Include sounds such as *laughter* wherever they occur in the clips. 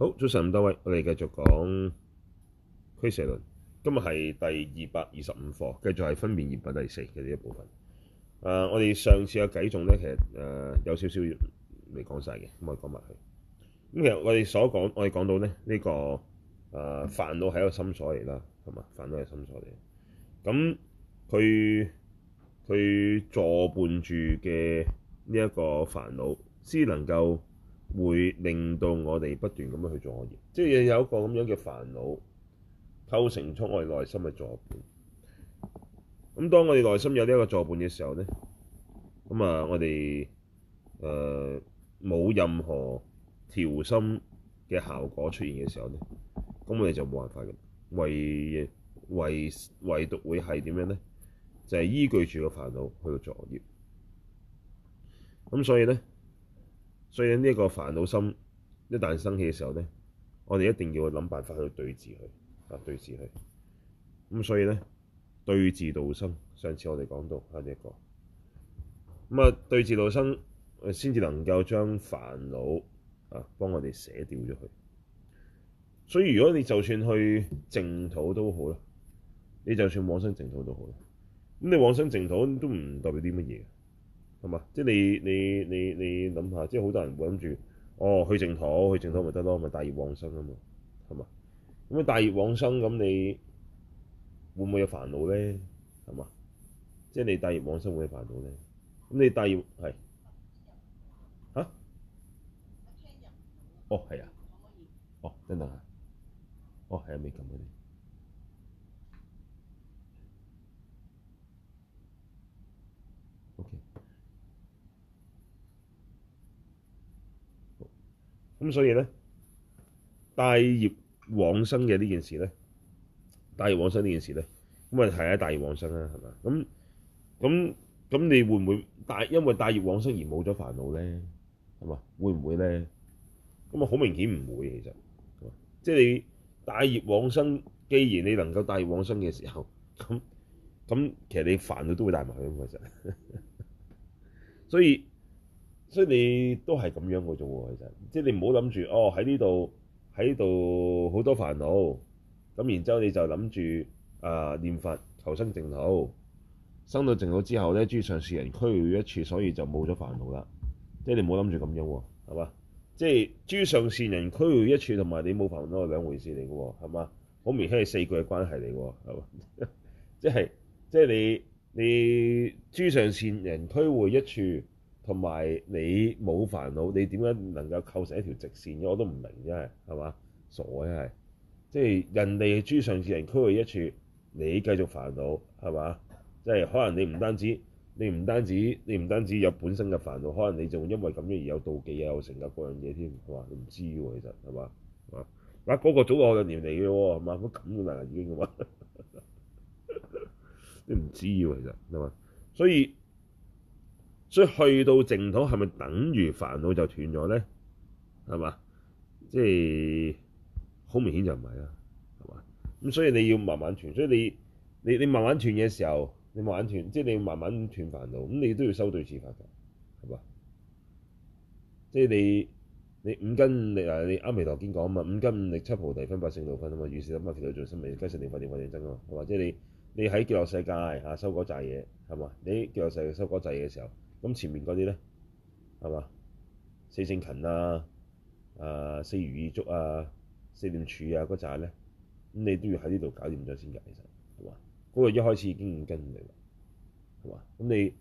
好，早晨唔多位，我哋繼續講俱舍論。今日係第二百二十五課，繼續係分別業品第四嘅呢一部分。誒、呃，我哋上次嘅計數咧，其實誒、呃、有少少未講晒嘅，咁我哋講埋佢。咁其實我哋所講，我哋講到咧呢、這個誒、呃、煩惱係一個心所嚟啦，係嘛？煩惱係心所嚟。咁佢佢坐伴住嘅呢一個煩惱，先能夠。會令到我哋不斷咁樣去做作業，即係有一個咁樣嘅煩惱構成出我哋內心嘅作伴。咁當我哋內心有呢一個作伴嘅時候咧，咁啊我哋誒冇任何調心嘅效果出現嘅時候咧，咁我哋就冇辦法嘅，唯唯唯獨會係點樣咧？就係、是、依據住個煩惱去到作業。咁所以咧。所以呢一個煩惱心一旦生起嘅時候咧，我哋一定要去諗辦法去對治佢，啊對治佢。咁所以咧，對治道生，上次我哋講到啊呢一個。咁啊對治道生先至能夠將煩惱啊幫我哋捨掉咗佢。所以如果你就算去淨土都好啦，你就算往生淨土都好啦，咁你往生淨土都唔代表啲乜嘢係嘛？即係你你你你諗下，即係好多人會諗住，哦，去淨土去淨土咪得咯，咪、就是、帶業往生啊嘛，係嘛？咁你帶業往生咁你會唔會有煩惱咧？係嘛？即係你帶業往生會唔會煩惱咧？咁你帶業係吓？哦、啊，係啊！哦，等等嚇！哦，係咪咁嘅？咁所以咧，帶業往生嘅呢件事咧，帶業往生呢件事咧，咁啊係啊，帶業往生啊，係嘛？咁咁咁你會唔會帶因為帶業往生而冇咗煩惱咧？係嘛？會唔會咧？咁啊好明顯唔會，其實，即係你帶業往生，既然你能夠帶業往生嘅時候，咁咁其實你煩惱都會帶埋去嘅，其實，所以。所以你都係咁樣嗰種喎，其實，即係你唔好諗住哦喺呢度喺度好多煩惱，咁然之後你就諗住誒念佛求生淨土，生到淨土之後咧，諸上善人俱會一處，所以就冇咗煩惱啦。即係你唔好諗住咁樣喎，係嘛？即係諸上善人俱會一處，同埋你冇煩惱係兩回事嚟嘅喎，係嘛？好明顯係四句嘅關係嚟嘅喎，係嘛？即係即係你你諸上善人俱會一處。同埋你冇煩惱，你點解能夠構成一條直線嘅？我都唔明，真係係嘛？傻嘅係，即係人哋諸上善人俱會一處，你繼續煩惱，係嘛？即係可能你唔單止，你唔單止，你唔單止有本身嘅煩惱，可能你仲因為咁樣而有妒忌啊，有成日嗰樣嘢添，係嘛？你唔知喎，其實係嘛？啊，嗱嗰個早兩年嚟嘅喎，嘛乜咁嘅難人圈嘅嘛？ *laughs* 你唔知喎，其實係嘛？所以。所以去到淨土係咪等於煩惱就斷咗咧？係嘛，即係好明顯就唔係啦，係嘛咁。所以你要慢慢斷，所以你你你慢慢斷嘅時候，你慢慢斷，即係、就是、你慢慢斷煩惱，咁你都要修對治煩惱，係嘛？即係你你五根力嗱，你阿彌陀經講啊嘛，五根五力七菩提分八聖道分啊嘛，於是諗啊，其實最生咪皆是念佛念法念僧咯，係嘛？即係、就是、你你喺極樂世界啊，收嗰扎嘢係嘛？你極樂世界收嗰扎嘢嘅時候。咁前面嗰啲咧，係嘛？四聖勤啊，啊，四如意足啊，四念處啊嗰紮咧，咁你都要喺呢度搞掂咗先㗎，其實係嘛？嗰個一開始已經跟你啦，係嘛？咁你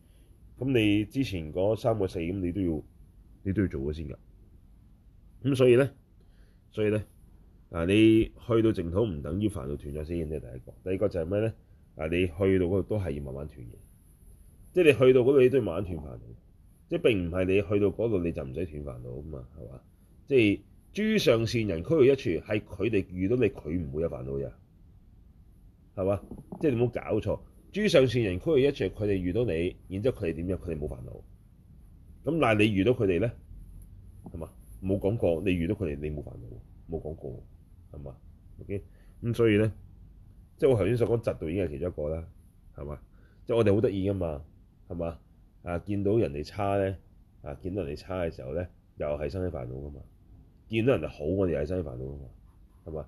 咁你之前嗰三個四咁，你都要你都要做咗先㗎。咁所以咧，所以咧，嗱你去到淨土唔等於煩惱斷咗先，呢第一個。第二個就係咩咧？嗱你去到嗰度都係要慢慢斷嘅。即係你去到嗰度，你都要慢慢斷煩惱。即係並唔係你去到嗰度你就唔使斷煩惱噶嘛，係嘛？即係諸上善人俱會一處，係佢哋遇到你，佢唔會有煩惱呀，係嘛？即係你唔好搞錯，諸上善人俱會一處，佢哋遇到你，然之後佢哋點樣？佢哋冇煩惱。咁但係你遇到佢哋咧，係嘛？冇講過你遇到佢哋你冇煩惱，冇講過，係嘛？OK，咁所以咧，即係我頭先所講窒到已經係其中一個啦，係嘛？即係我哋好得意噶嘛。係嘛？啊，見到人哋差咧，啊，見到人哋差嘅時候咧，又係生起煩惱噶嘛。見到人哋好，我哋又係生起煩惱噶嘛。係嘛？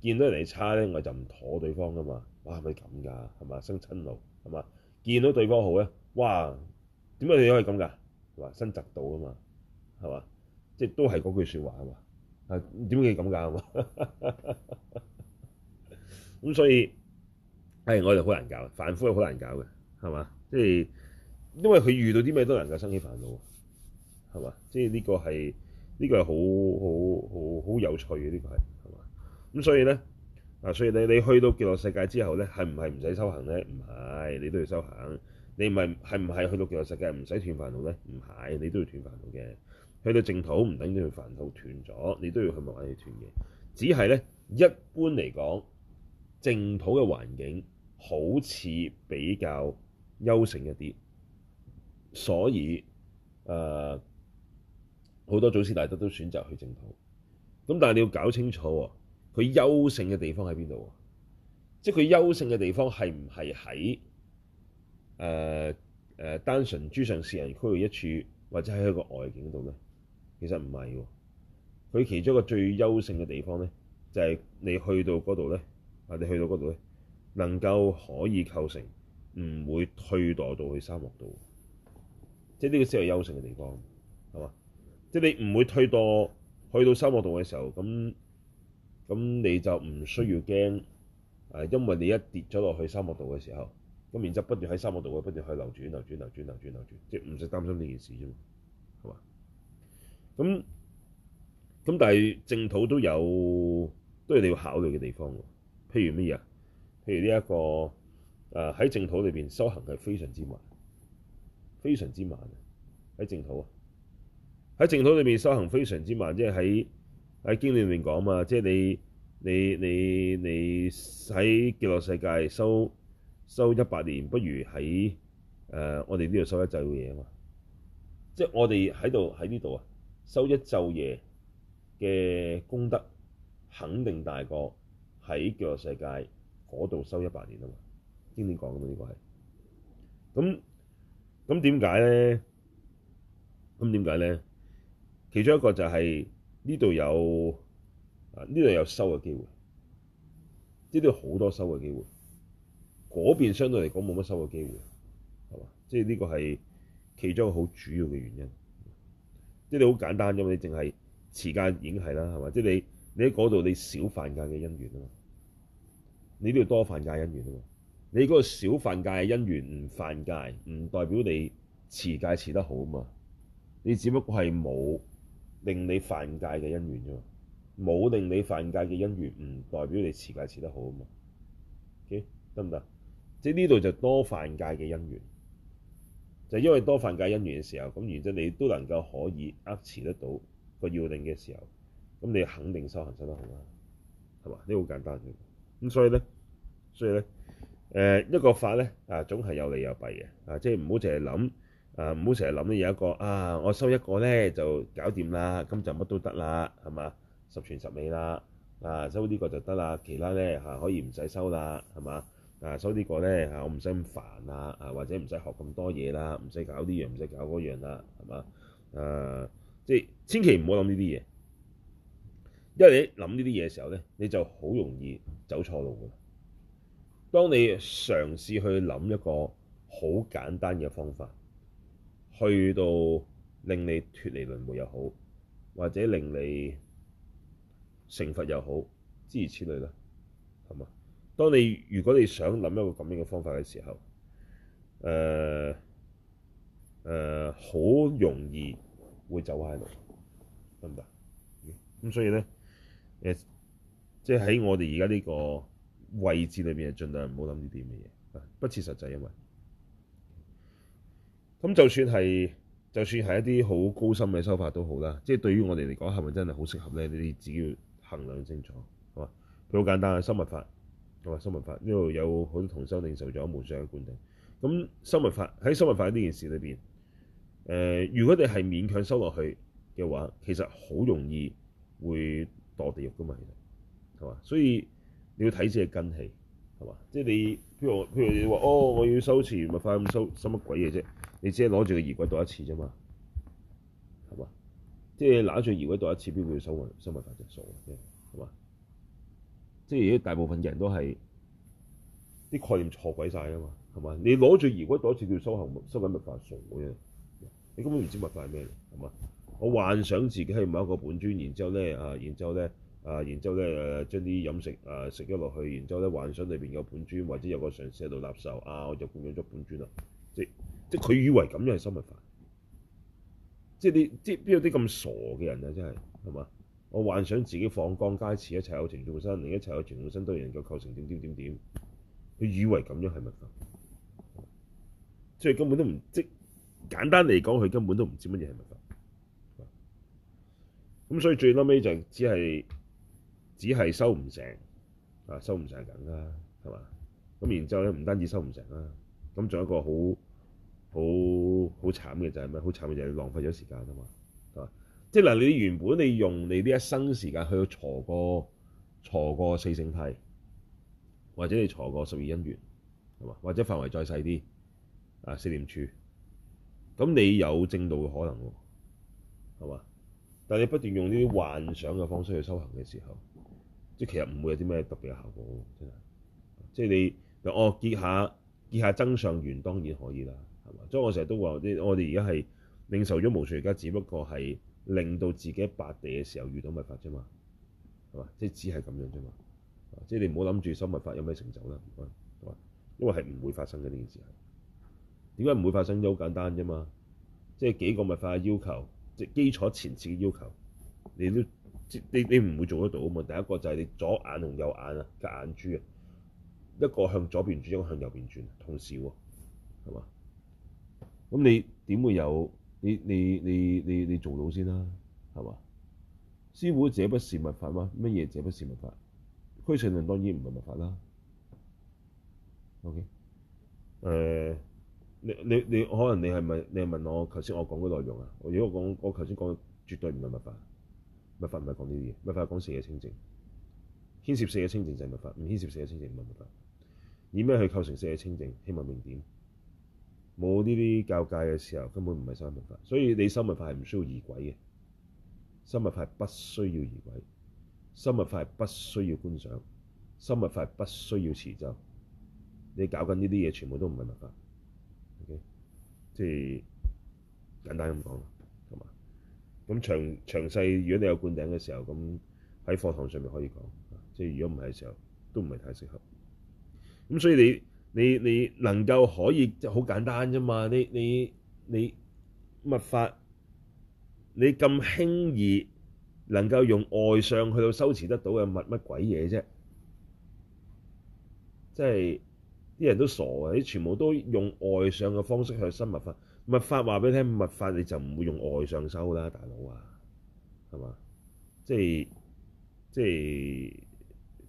見到人哋差咧，我就唔妥對方噶嘛。哇，係咪咁噶？係嘛，生瞋怒係嘛？見到對方好咧，哇，點解你可以咁噶？係嘛，生嫉妒噶嘛？係嘛？即係都係嗰句説話啊嘛。啊，點解你咁噶？咁 *laughs* 所以，誒、哎，我哋好難搞，凡夫好難搞嘅，係嘛？即係。因為佢遇到啲咩都能夠生起煩惱，係嘛？即係呢個係呢個係好好好好有趣嘅呢個係係嘛？咁所以咧啊，所以你你去到極樂世界之後咧，係唔係唔使修行咧？唔係，你都要修行。你唔係係唔係去到極樂世界唔使斷煩惱咧？唔係，你都要斷煩惱嘅。去到淨土唔等於去煩惱斷咗，你都要去慢慢去斷嘅。只係咧一般嚟講，淨土嘅環境好似比較優勝一啲。所以，誒、呃、好多祖師大德都選擇去淨土。咁但係你要搞清楚喎，佢優勝嘅地方喺邊度？即係佢優勝嘅地方係唔係喺誒誒單純諸上善人俱會一處，或者喺一個外境嗰度咧？其實唔係喎，佢其中一個最優勝嘅地方咧，就係、是、你去到嗰度咧，你去到嗰度咧，能夠可以構成唔會退墮到去三惡道。即係呢個先係優勝嘅地方，係嘛？即係你唔會退到去到三惡道嘅時候，咁咁你就唔需要驚，誒，因為你一跌咗落去三惡道嘅時候，咁然之後不斷喺三惡道嘅不斷去流轉、流轉、流轉、流轉、流轉，即係唔使擔心呢件事啫，係嘛？咁咁但係淨土都有，都係你要考慮嘅地方喎。譬如乜嘢啊？譬如呢、這、一個誒喺、呃、淨土裏邊修行係非常之慢。非常之慢，喺淨土喺淨土裏面修行非常之慢，即係喺喺經理裏面講嘛，即係你你你你喺極樂世界修修一百年，不如喺誒我哋呢度修一晝夜啊嘛。即係我哋喺度喺呢度啊，修一晝夜嘅功德肯定大過喺極樂世界嗰度修一百年啊嘛。經典講咁嘛，呢個係咁。咁點解咧？咁點解咧？其中一個就係呢度有啊，呢度有收嘅機會，呢度好多收嘅機會。嗰邊相對嚟講冇乜收嘅機會，係嘛？即係呢個係其中一個好主要嘅原因。即係你好簡單啫嘛，你淨係時間已經係啦，係嘛？即係你你喺嗰度你少犯戒嘅因緣啊嘛，你都要多犯戒因緣啊嘛。你嗰個少犯戒嘅因緣唔犯戒，唔代表你持戒持得好啊嘛！你只不過係冇令你犯戒嘅因緣啫嘛，冇令你犯戒嘅因緣唔代表你持戒持得好啊嘛。得唔得？即係呢度就多犯戒嘅因緣，就是、因為多犯戒因緣嘅時候，咁然之你都能夠可以握持得到個要領嘅時候，咁你肯定修行修得好啦，係嘛？呢好簡單嘅，咁所以咧，所以咧。誒、呃、一個法咧啊，總係有利有弊嘅啊，即係唔好成日諗啊，唔好成日諗有一個啊，我收一個咧就搞掂啦，咁就乜都得啦，係嘛？十全十美啦啊，收呢個就得啦，其他咧嚇可以唔使收啦，係嘛？啊，收呢個呢、啊收啊、收呢個咧嚇我唔使咁煩啦啊，或者唔使學咁多嘢啦，唔使搞呢樣，唔使搞嗰樣啦，係嘛？誒、啊，即係千祈唔好諗呢啲嘢，因為你諗呢啲嘢嘅時候咧，你就好容易走錯路㗎。當你嘗試去諗一個好簡單嘅方法，去到令你脫離輪迴又好，或者令你成佛又好，諸如此類啦，係嘛？當你如果你想諗一個咁樣嘅方法嘅時候，誒、呃、誒，好、呃、容易會走歪路，明白？咁所以咧，誒，即係喺我哋而家呢個位置裏邊係盡量唔好諗呢啲嘅嘢，不切實際，因為咁就算係就算係一啲好高深嘅修法都好啦，即係對於我哋嚟講係咪真係好適合咧？你哋自己要衡量清楚，係嘛？佢好簡單嘅，修密法同埋修密法，因為有好多同修定受咗無上嘅灌頂。咁修密法喺修密法呢件事裏邊，誒、呃，如果你係勉強修落去嘅話，其實好容易會墮地獄噶嘛，係嘛？所以你要睇自己根器，係嘛？即係你譬如譬如你話哦，我要收錢物化咁收收乜鬼嘢啫？你只係攞住個儀軌袋一次啫嘛，係嘛？即係攬住儀軌袋一次，邊要收換收物化隻數嘅？係嘛？即係大部分人都係啲概念錯鬼晒啊嘛，係嘛？你攞住儀軌袋一次叫收後收緊物化數嘅？你根本唔知物化係咩嚟，係嘛？我幻想自己係某一個本尊，然之後咧啊，然之後咧。啊！然之後咧，將啲飲食啊食咗落去，然之後咧幻想裏邊有本尊，或者有個上師喺度納受啊，我就供養咗本尊啦。即即佢以為咁樣係密法，即係你即邊有啲咁傻嘅人啊！真係係嘛？我幻想自己放光加持，一切有情眾生，另一切有情眾生都能夠構成點點點點，佢以為咁樣係密法，即係根本都唔即簡單嚟講，佢根本都唔知乜嘢係密法。咁所以最嬲尾就是、只係。只係收唔成啊，收唔成梗啦，係嘛？咁然之後咧，唔單止收唔成啦，咁仲有一個好好好慘嘅就係咩？好慘嘅就係你浪費咗時間啊嘛，啊！即係嗱，你原本你用你呢一生時間去坐過坐過四聖諦，或者你坐過十二因緣，係嘛？或者範圍再細啲啊，四念處，咁你有正道嘅可能喎，係嘛？但係你不斷用呢啲幻想嘅方式去修行嘅時候，即係其實唔會有啲咩特別嘅效果，真係。即係你，哦結下結下增上緣當然可以啦，係嘛？所以我成日都話，即係我哋而家係領受咗無上瑜伽，而家只不過係令到自己喺拔地嘅時候遇到密法啫嘛，係嘛？即係只係咁樣啫嘛。即係你唔好諗住修密法有咩成就啦，係嘛？因為係唔會發生嘅呢件事係。點解唔會發生？因為好簡單啫嘛。即係幾個密法嘅要求，即係基礎前設嘅要求，你都。你你唔會做得到啊嘛！第一個就係你左眼同右眼啊，加眼珠啊，一個向左邊轉，一個向右邊轉，同時喎，係嘛？咁你點會有？你你你你你做到先啦，係嘛？師傅，這不是密法嘛？乜嘢這不是密法？俱舍論當然唔係密法啦。OK，誒、呃，你你你可能你係咪？你係問我頭先我講嘅內容啊？如果我講我頭先講嘅，絕對唔係密法。密法唔係講呢啲嘢，密法係講四嘅清淨，牽涉四嘅清淨就係密法，唔牽涉四嘅清淨唔係密法。以咩去構成四嘅清淨？希望明點？冇呢啲教界嘅時候，根本唔係三密法。所以你三密法係唔需要儀軌嘅，三密法不需要儀軌，三密法，不需，密法不需要觀想，三密法不需要持咒。你搞緊呢啲嘢，全部都唔係密法。O K，即係簡單咁講。咁詳詳細，如果你有灌頂嘅時候，咁喺課堂上面可以講，即係如果唔係嘅時候，都唔係太適合。咁所以你你你能夠可以即好簡單啫嘛？你你你密法，你咁輕易能夠用外相去到修持得到嘅密乜鬼嘢啫？即係啲人都傻呀，你全部都用外相嘅方式去修密法。密法話俾你聽，密法你就唔會用外相修啦，大佬啊，係嘛？即係即係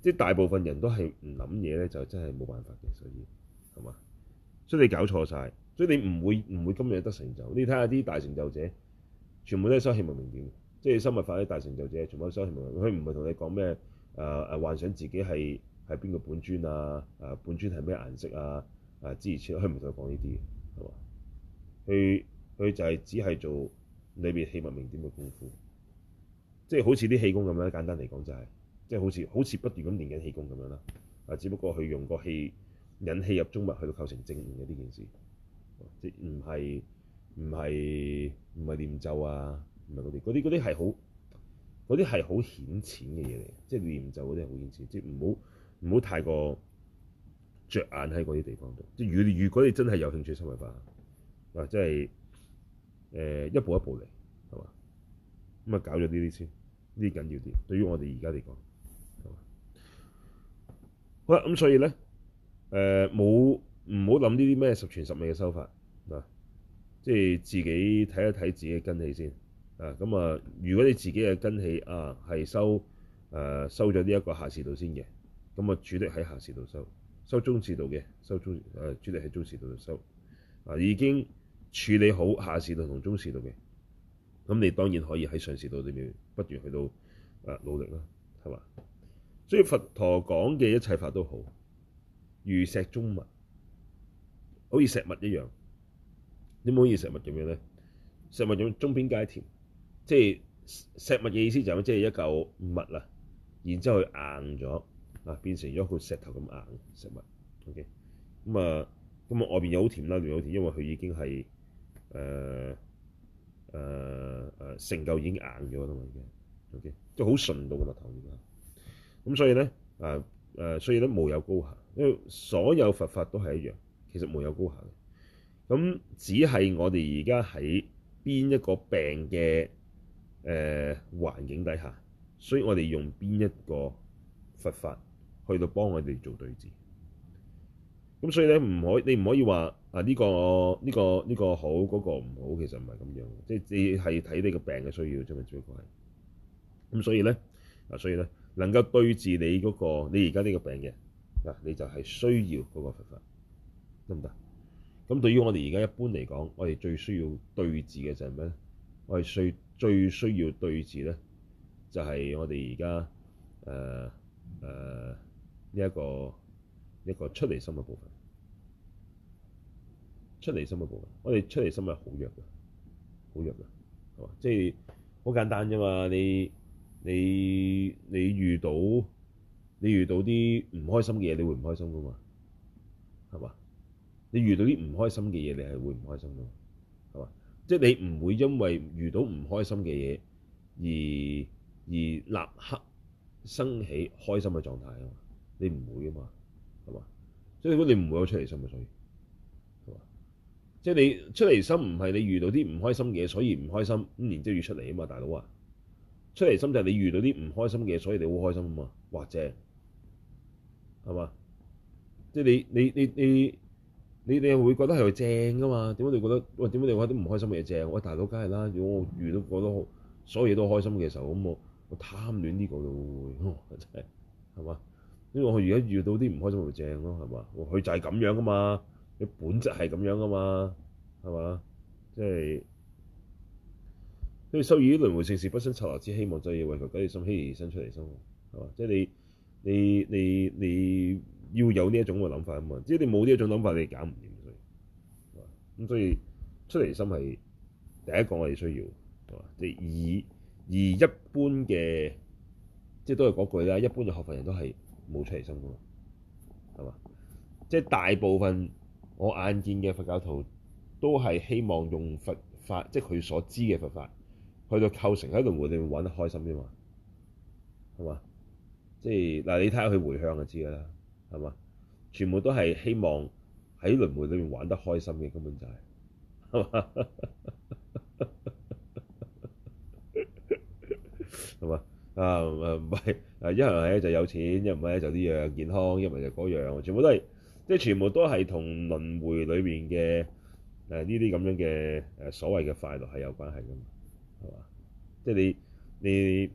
即係大部分人都係唔諗嘢咧，就真係冇辦法嘅。所以係嘛？所以你搞錯晒，所以你唔會唔會今日得成就。你睇下啲大成就者，全部都係修氣脈明點，即係修密法啲大成就者，全部都修氣脈明。佢唔係同你講咩啊啊！幻想自己係係邊個本尊啊、呃？啊，本尊係咩顏色啊？啊，諸如此類，佢唔想講呢啲嘅，係嘛？佢佢就係只係做裏邊氣脈明點嘅功夫，即係好似啲氣功咁樣。簡單嚟講，就是，就係即係好似好似不斷咁練緊氣功咁樣啦。啊，只不過佢用個氣引氣入中脈，去到構成正念嘅呢件事，即係唔係唔係唔係唸咒啊？唔係嗰啲嗰啲啲係好嗰啲係好顯淺嘅嘢嚟，即係唸咒嗰啲係好顯淺，即係唔好唔好太過着眼喺嗰啲地方度。即係如果如果你真係有興趣修為法。嗱、啊，即係誒、呃、一步一步嚟，係嘛？咁、嗯、啊，搞咗呢啲先，呢啲緊要啲。對於我哋而家嚟講，係嘛？好啦，咁、嗯、所以咧，誒冇唔好諗呢啲咩十全十美嘅修法，嗱，即係自己睇一睇自己嘅根器先。啊，咁、嗯、啊，如果你自己嘅根器啊係修誒、啊、修咗呢一個下士道先嘅，咁啊主力喺下士道修，修中士道嘅，修中誒、啊、主力喺中士道度修，啊已經。處理好下士道同中士道嘅，咁你當然可以喺上士道裏邊不斷去到啊努力啦。係嘛？所以佛陀講嘅一切法都好，如石中蜜，好似石蜜一樣。點解好似石蜜咁樣咧？石蜜咁中邊皆甜，即係石蜜嘅意思就係即係一嚿蜜啊，然之後佢硬咗啊，變成咗一個石頭咁硬，石蜜，O.K. 咁啊，咁啊外邊又好甜啦，又好甜，因為佢已經係。誒誒誒，成、呃、就已經硬咗啦嘛，已經，O.K.，即係好純到嘅蜜頭，而家，咁所以咧，啊、呃、誒，所以咧冇有高下，因為所有佛法都係一樣，其實冇有高下嘅，咁只係我哋而家喺邊一個病嘅誒、呃、環境底下，所以我哋用邊一個佛法去到幫我哋做對治。咁所以咧唔可，你唔可以話啊呢、呢個呢、啊呢個呢、呢個好，嗰、嗰個唔好，其實唔係咁樣，即係你係睇你個病嘅需要，咋嘛。主要係。咁所以咧啊，所以咧能夠對治你嗰、嗰個你而家呢個病嘅嗱，你就係需要嗰個佛法得唔得？咁對於我哋而家一般嚟講，我哋最需要對治嘅就係咩咧？我哋最最需要對治咧，就係、是、我哋而家誒誒呢一個一、呢個出離心嘅部分。出嚟心咪冇嘅，我哋出嚟心係好弱嘅，好弱嘅，係嘛？即係好簡單啫嘛，你你你遇到你遇到啲唔開心嘅嘢，你會唔開心噶嘛？係嘛？你遇到啲唔開心嘅嘢，你係會唔開心咯？係嘛？即係你唔會因為遇到唔開心嘅嘢而而立刻升起開心嘅狀態啊嘛？你唔會啊嘛？係嘛？所以如果你唔會有出嚟心嘅。所以。即係你出離心唔係你遇到啲唔開心嘅嘢，所以唔開心，咁然之後要出嚟啊嘛，大佬啊！出離心就係你遇到啲唔開心嘅嘢，所以你好開心啊嘛，哇正係嘛！即係、就是、你你你你你你又會覺得係佢正㗎嘛？點解你覺得喂？點解你話啲唔開心嘅嘢正？喂，大佬梗係啦，如果我遇到覺得好，所有嘢都開心嘅時候，咁我我貪戀呢個就會？真係係嘛？因為我而家遇到啲唔開心會正咯，係嘛？佢就係咁樣㗎嘛～嘅本質係咁樣啊嘛，係嘛？即係，所以收業於輪迴世事不生執著之希望，就要為求解除心希而生出嚟先，係嘛？即係你你你你要有呢一種嘅諗法啊嘛，即係你冇呢一種諗法，你搞唔掂。所以咁所以出離心係第一個我哋需要，係嘛？即係而而一般嘅，即係都係嗰句啦，一般嘅學佛人都係冇出離心噶嘛，係嘛？即係大部分。我眼見嘅佛教徒都係希望用佛法，即係佢所知嘅佛法，去到構成喺輪迴裏面玩得開心啫嘛，係嘛？即係嗱，你睇下佢回向就知㗎啦，係嘛？全部都係希望喺輪迴裏面玩得開心嘅根本就係、係，係嘛？係 *laughs* 嘛？啊啊唔係，啊一係咧就有錢，一唔係咧就啲樣健康，一唔係就嗰樣，全部都係。即係全部都係同輪迴裏面嘅，誒呢啲咁樣嘅，誒所謂嘅快樂係有關係㗎嘛，係嘛？即係你你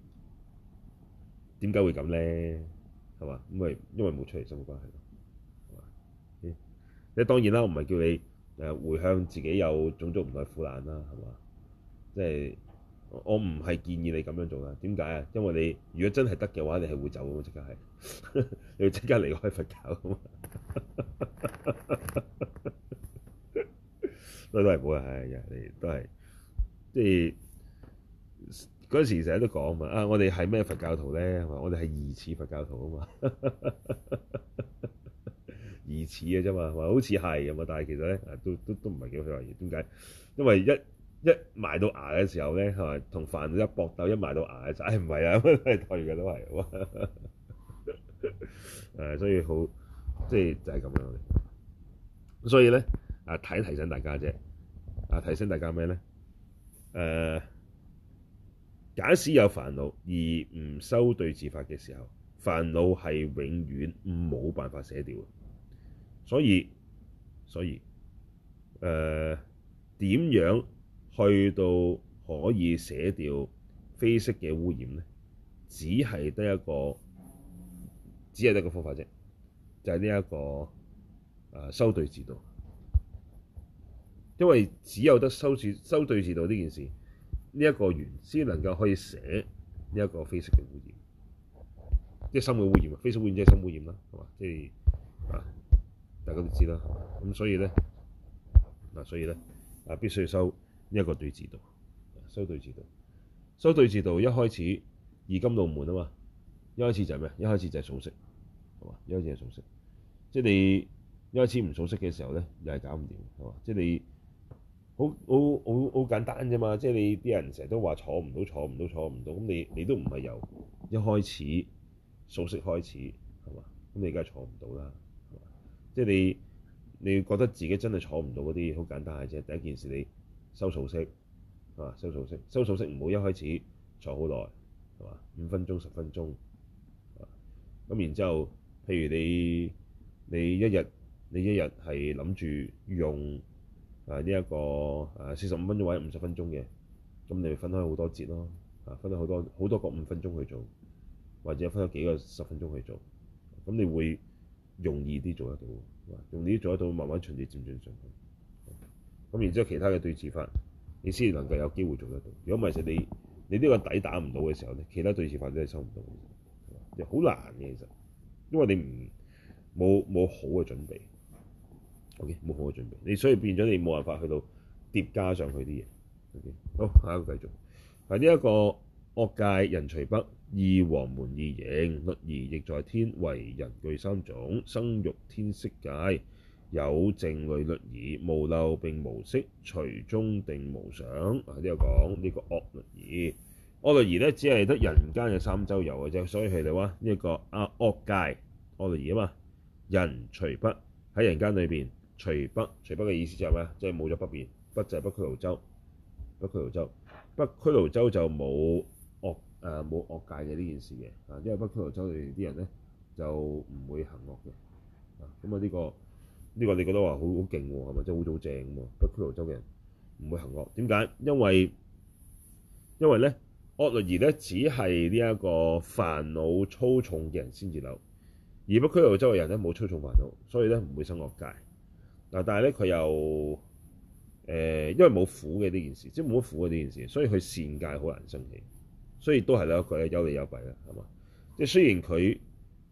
點解會咁咧？係嘛？咁咪因為冇出離心嘅關係咯，係嘛？即係當然啦，我唔係叫你誒回向自己有種種唔同嘅苦難啦，係嘛？即係我唔係建議你咁樣做啦。點解？因為你如果真係得嘅話，你係會走嘅嘛，即刻係。 *laughs* 要即刻離開佛教咁啊！ *laughs* 都係冇啊，係人哋都係即係嗰陣時成日都講啊嘛！啊，我哋係咩佛教徒咧？係嘛，我哋係疑似佛教徒啊嘛，疑似嘅啫嘛，話好似係咁啊，但係其實咧都都都唔係幾話嘢。點解？因為一一埋到牙嘅時候咧，同同凡人一搏鬥，一埋到牙就誒唔係啊， *laughs* 都係退嘅都係。 *laughs* 誒、 *laughs* 呃，所以好，即係就係咁樣嘅。所以咧，啊提提醒大家啫，啊提醒大家咩咧？誒，假使有煩惱而唔修對治法嘅時候，煩惱係永遠冇辦法捨掉。所以，所以，誒、啊，點樣去到可以捨掉非色嘅污染咧？只係得一個。只係得一個方法啫，就係呢一個誒、呃、修對治道，因為只有得修對修對治道呢件事，呢、這、一個緣先能夠可以捨呢一個非色嘅污染，即係心嘅污染啊，非色污染即係心污染啦，係嘛？即、就、係、是、啊，大家都知啦。咁所以咧，嗱、啊、所以咧啊，必須要修呢一個對治道，修對治道，修對治道一開始，二金到門啊嘛，一開始就係咩？一開始就係數息。係嘛？一開始係數息，即係你一開始唔數息嘅時候咧，又係搞唔掂，係嘛？即係你好好好好簡單啫嘛！即係你啲人成日都話坐唔到，坐唔到，坐唔到，咁你你都唔係由一開始數息開始，係嘛？咁你而家坐唔到啦，係嘛？即係你你覺得自己真係坐唔到嗰啲好簡單嘅啫。第一件事你收數息，係嘛？收數息，收數息唔好一開始坐好耐，係嘛？五分鐘、十分鐘，咁然之後。譬如你你一日你一日係諗住用啊呢一個啊四十五分鐘或者五十分鐘嘅，咁你會分開好多節咯，啊分開好多好多個五分鐘去做，或者分開幾個十分鐘去做，咁你會容易啲做得到，用啲做得到，慢慢循序漸進上去。咁然之後，其他嘅對治法，你先能夠有機會做得到。如果唔係，你你呢個底打唔到嘅時候，你其他對治法都係收唔到嘅，好難嘅其實的。因為你唔冇冇好嘅準備，OK，冇好嘅準備，你所以變咗你冇辦法去到疊加上去啲嘢。OK? 好，下一個繼續。係呢一個惡戒人除北，二黃門二形，律儀亦在天，唯人具三種，生欲天色界，有靜慮律儀，無漏並無色，除中定無想。啊、這個，呢、這個講呢個惡律儀。我哋而咧只係得人間嘅三洲有嘅啫，所以佢你話呢一，這個啊惡戒，我哋而啊嘛，人除北，喺人間裏邊，除北，除北嘅意思就係咩？即係冇咗北邊，北就係北俱盧洲，北俱盧洲，北俱盧洲就冇惡誒、冇、啊、惡戒嘅呢件事嘅，因為北俱盧洲哋啲人咧就唔會行惡嘅。咁啊呢、這個呢、這個你覺得話好好勁喎，係咪即係好咗正嘅？北俱盧洲嘅人唔會行惡，點解？因為因為咧。惡律儀咧，只係呢一個煩惱粗重嘅人先至有，而北俱盧洲嘅人咧冇粗重煩惱，所以咧唔會生惡戒。嗱、啊，但係咧佢又誒，因為冇苦嘅呢件事，即係冇苦嘅呢件事，所以佢善戒好難生起，所以都係咧一個有利有弊啦，係嘛、呃？即係雖然佢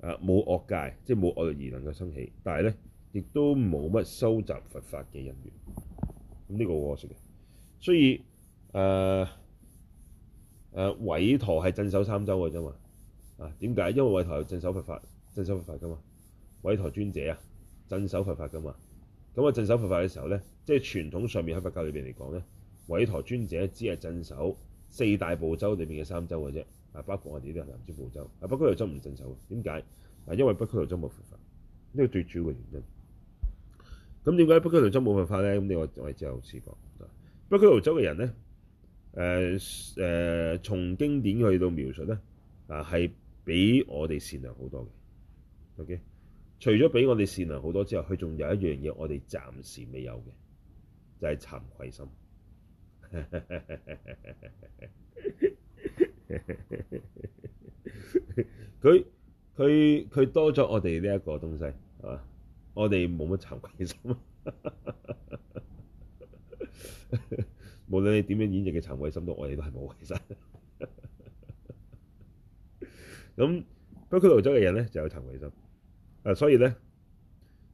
誒冇惡戒，即係冇惡律儀能夠生起，但係咧亦都冇乜收集佛法嘅因緣。咁呢個好可惜嘅，所以誒。呃誒、呃，韋馱係鎮守三洲嘅啫嘛，啊，點解？因為韋馱係鎮守佛法，鎮守佛法噶嘛。韋馱尊者啊，鎮守佛法噶嘛。咁啊，鎮守佛法嘅時候咧，即、就、係、是、傳統上面喺佛教裏邊嚟講咧，韋馱尊者只係鎮守四大部洲裏邊嘅三洲嘅啫，啊，包括我哋呢啲南贍部洲，啊，北俱盧洲唔鎮守的，點解？啊，因為北俱盧洲冇佛法，呢個最主要嘅原因。咁點解北俱盧洲冇佛法咧？咁你我我之後試過，北俱盧洲嘅人咧。誒誒，從經典去到描述咧，啊，係比我哋善良好多嘅。OK，除咗比我哋善良好多之後，佢仲有一樣嘢我哋暫時未有嘅，就係慚愧心。佢佢佢多咗我哋呢一個東西，係嘛？我哋冇乜慚愧心啊！ *laughs* 無論你點樣演繹嘅慚愧心，都我哋都係冇其實。咁北俱盧洲嘅人咧，就有慚愧心。啊，所以咧，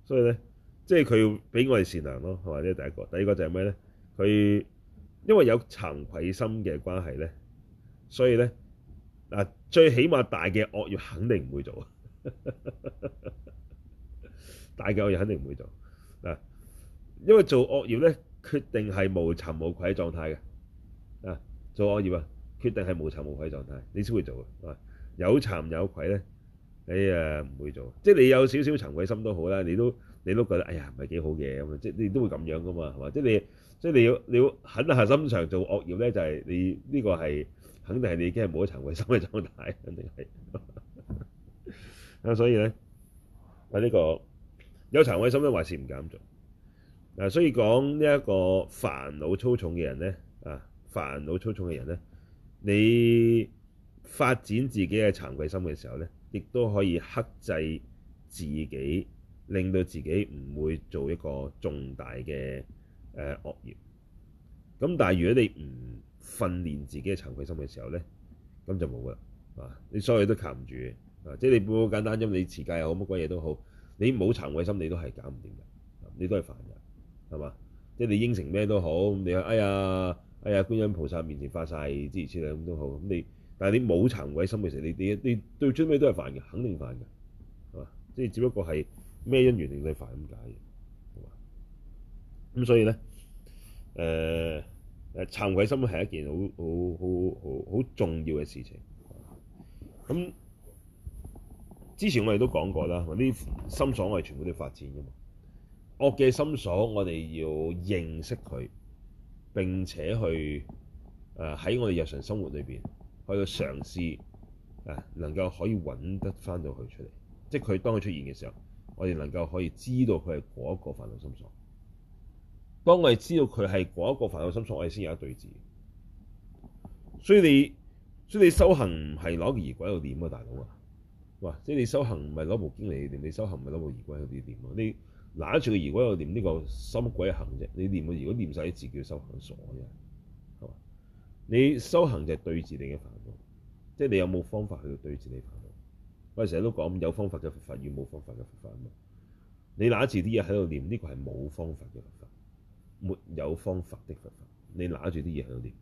所以咧，即係佢要俾我哋善良咯，係嘛？即係第一個。第二個就係咩咧？佢因為有慚愧心嘅關係咧，所以咧，嗱、啊、最起碼大嘅惡業肯定唔會做、啊啊。大嘅惡業肯定唔會做、啊。嗱，因為做惡業咧。決定係無慚無愧嘅狀態嘅，啊，做惡業啊，決定係無慚無愧嘅狀態，你先會做嘅、啊。有慚有愧咧，你呀唔、啊、會做。即係你有少少慚愧心都好啦，你都你都覺得哎呀唔係幾好嘅咁啊，即係你都會咁樣噶嘛，係嘛？即係你即係你要你要狠下心腸做惡業咧，就係、係、你呢、呢個係肯定係你已經係冇一慚愧心嘅狀態，肯定係、啊。所以咧喺呢、啊呢個有慚愧心都壞事唔敢做。嗱，所以講呢一個煩惱粗重嘅人咧，啊，煩惱粗重嘅人咧，你發展自己嘅慚愧心嘅時候咧，亦都可以克制自己，令到自己唔會做一個重大嘅誒惡業。咁但係如果你唔訓練自己嘅慚愧心嘅時候咧，咁就冇啦，啊，你所有嘢都靠唔住嘅，啊，即係你好簡單，因為你持戒又好乜鬼嘢都好，你冇慚愧心，你都係搞唔掂嘅，你都係凡人。係嘛？即係你應承咩都好，你哎呀哎呀，觀音菩薩面前發晒，諸如此類咁都好，咁你但係你冇慚愧心嘅時候，其實你你，你對最屘都係犯嘅，肯定犯嘅，係嘛？即係只不過係咩因緣令你犯咁解嘅，好嘛？咁所以咧，誒誒慚愧心係一件好好好好好重要嘅事情。咁之前我哋都講過啦，嗰啲心所全部都發展嘅嘛。惡嘅心所，我哋要認識佢，並且去誒喺、呃、我哋日常生活裏邊去嘗試誒，能夠可以揾得返到佢出嚟。即係佢當佢出現嘅時候，我哋能夠可以知道佢係嗰一個煩惱心所。當我哋知道佢係嗰一個煩惱心所，我哋先有一對治。所以你所以你修行唔係攞儀軌去點啊，大佬啊！哇！即係你修行唔係攞部經理，定，你修行唔係攞部儀軌去點啊！你？拿住個疑鬼喺度念呢個心鬼行啫，你念佢如果念晒啲字叫修行所啫，係嘛？你修行就係對治你嘅煩惱，即係你有冇方法去對治你煩惱？我哋成日都講有方法嘅佛法與冇方法嘅佛法啊嘛。你拿住啲嘢喺度念，呢個係冇方法嘅佛法，沒有方法的佛法。你拿住啲嘢喺度念，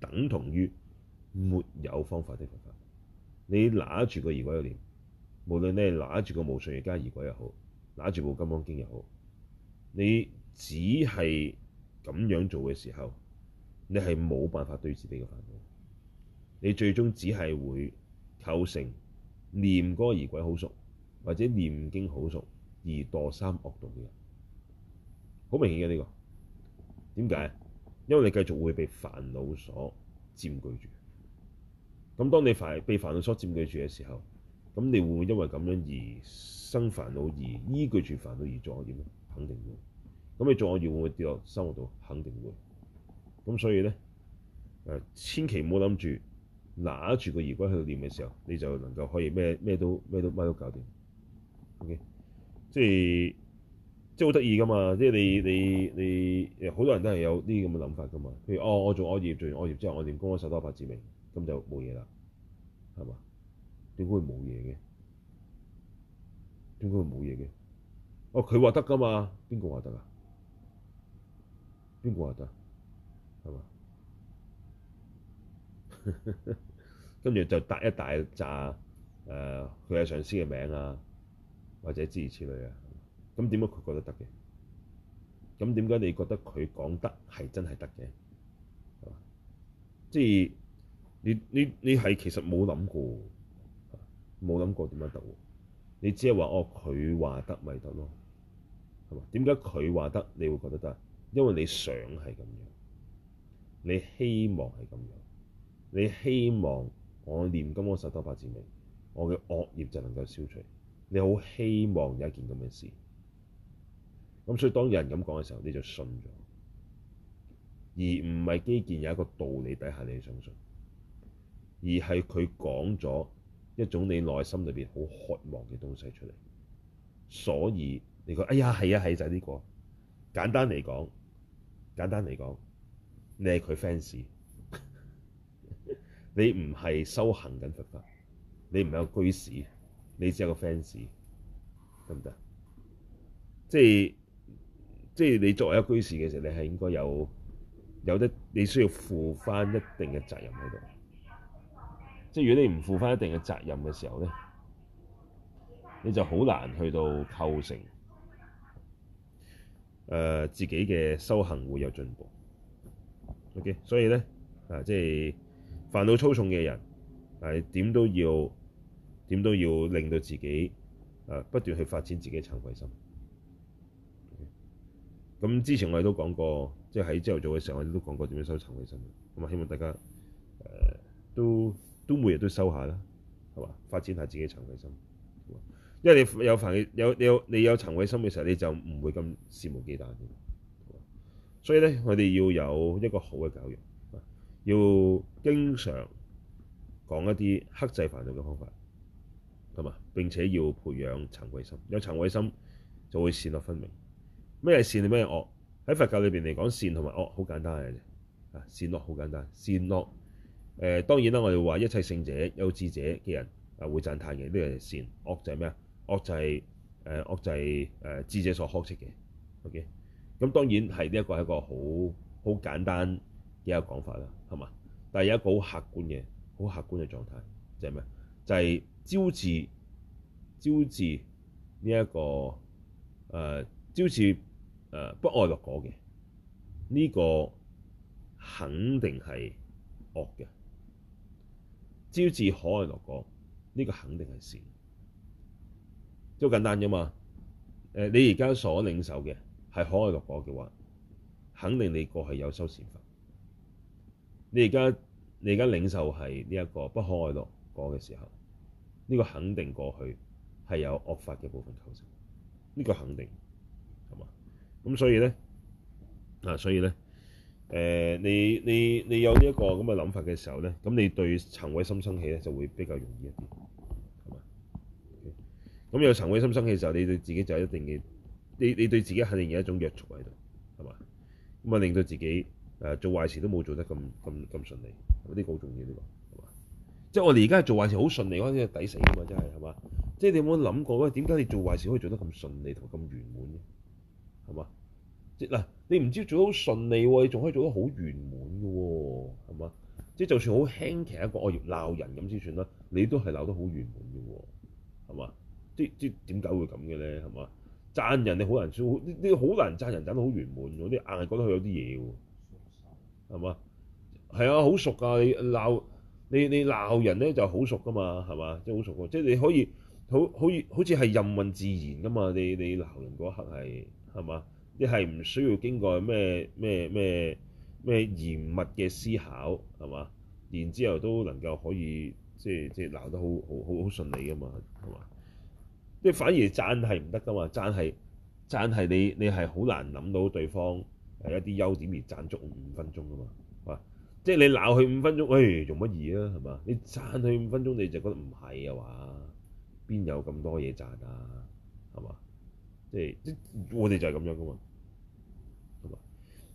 等同於沒有方法的佛法。你拿住個疑鬼喺度念，無論你係拿住個無常而家疑鬼又也好。拿住部《金剛經》又好，你只係咁樣做嘅時候，你係冇辦法對自己嘅煩惱，你最終只係會構成念歌個而鬼好熟，或者念經好熟而墮三惡道嘅人。好明顯嘅呢個，點解？因為你繼續會被煩惱所佔據住。咁當你煩被煩惱所佔據住嘅時候，咁你會唔會因為咁樣而生煩惱，而依據住煩惱而作惡業咧？肯定會。咁你作惡業會唔會跌落生活度？肯定會。咁所以咧，誒、呃、千祈唔好諗住拿住個儀軌喺度念嘅時候，你就能夠可以咩咩都咩都咩都搞掂。O.K.，即係即係好得意噶嘛！即係你你你好多人都係有啲咁嘅諗法噶嘛。譬如哦，我做惡業，做完惡業之後，惡惡我念觀世音菩薩名，咁就冇嘢啦，係嘛？點解會冇嘢嘅？點解會冇嘢嘅？哦，佢話得㗎嘛？邊個話得啊？邊個話得？係嘛？跟 *laughs* 住就搭一大紮誒，佢、呃、係上司嘅名啊，或者諸如此類啊。咁點解佢覺得得嘅？咁點解你覺得佢講得係真係得嘅？係嘛？即、就、係、係、你、你、你係其實冇諗過。冇諗過點樣得喎？你只係話哦，佢話得咪得咯，係嘛？點解佢話得你會覺得得？因為你想係咁樣，你希望係咁樣，你希望我念金剛薩埵八字明，我嘅惡業就能夠消除。你好希望有一件咁嘅事，咁所以當有人咁講嘅時候，你就信咗，而唔係基建有一個道理底下你相信，而係佢講咗。一種你內心裏邊好渴望嘅東西出嚟，所以你講，哎呀，係啊係就呢個，簡單嚟講，簡單嚟講，你係佢 fans，你唔係修行緊佛法，你唔係個居士，你只係個 fans，得唔得？即係即係你作為一個居士嘅時候，你係應該有有得你需要負翻一定嘅責任喺度。即係如果你唔負翻一定嘅責任嘅時候咧，你就好難去到構成誒、呃、自己嘅修行會有進步。OK，所以咧啊，即係煩惱粗重嘅人，誒點都要點都要令到自己啊不斷去發展自己嘅慚愧心。咁、okay? 之前我哋都講過，即係喺朝頭早嘅時候，我哋都講過點樣修慚愧心。咁啊，希望大家誒、呃、都。都每日都收下啦，係嘛？發展下自己嘅慚愧心，因為你有煩惱，有有你有慚愧心嘅時候，你就唔會咁肆無忌憚。所以咧，我哋要有一個好嘅教育，要經常講一啲克制煩惱嘅方法，同埋並且要培養慚愧心。有慚愧心就會善惡分明。咩係善？咩係惡？喺佛教裏邊嚟講，善同埋惡好簡單嘅啫。啊，善惡好簡單，善惡。善誒、呃、當然啦，我哋話一切聖者、有智者嘅人啊，會讚歎嘅，呢啲係善惡就係咩啊？惡就係誒惡就係、是、誒、呃、智者所呵斥嘅。OK，咁當然係呢一個係一個好好簡單嘅一個講法啦，係嘛？但係有一個好客觀嘅好客觀嘅狀態，就係、是、咩？就係招致招致呢一個誒招致誒不愛樂果嘅呢、這個肯定係惡嘅。招致可愛樂果，呢、這個肯定係善，就簡單咋嘛？誒，你而家所領受嘅係可愛樂果嘅話，肯定你過去有修善法。你而家你而家領受係呢一個不可愛樂果嘅時候，呢、這個肯定過去係有惡法嘅部分構成，呢、這個肯定係嘛？咁所以咧，嗱、啊，所以咧。誒、呃，你你你有呢、這、一個咁嘅諗法嘅時候咧，咁你對慚愧心生起咧就會比較容易一啲，係嘛？咁、嗯、有慚愧心生起嘅時候，你對自己就一定嘅，你你對自己肯定係一種約束喺度，係嘛？咁啊令到自己誒、呃、做壞事都冇做得咁咁咁順利，呢、這個好重要，呢個係嘛？即係我哋而家做壞事好順利，嗰啲係抵死㗎嘛，真係係嘛？即係你有冇諗過咧？點解你做壞事可以做得咁順利同埋咁圓滿嘅？係嘛？嗱，你唔知做得好順利喎，你仲可以做得好圓滿嘅喎，係嘛？即係就算好輕騎一個，惡業鬧人咁先算啦，你都係鬧得好圓滿嘅喎，係嘛？即即點解會咁嘅咧？係嘛？贊人你好難，超啲好難贊人贊到好圓滿，啲硬係覺得佢有啲嘢喎，係嘛？係啊，好熟噶，你鬧你你鬧人咧就好熟噶嘛，係嘛？即係好熟喎，即係你可以好好易好似係任運自然噶嘛。你你鬧人嗰刻係，係嘛？是你係唔需要經過咩咩咩咩嚴密嘅思考係嘛？然之後都能夠可以即係即係鬧得好好好好順利噶嘛係嘛？即係反而贊係唔得噶嘛，贊係贊係你你係好難諗到對方有一啲優點而贊足五分鐘噶嘛？即係你鬧佢五分鐘，誒、欸，容乜易啊？係嘛？你贊佢五分鐘，你就覺得唔係啊嘛？邊有咁多嘢贊啊？係嘛？即係即我哋就係咁樣噶嘛，係嘛？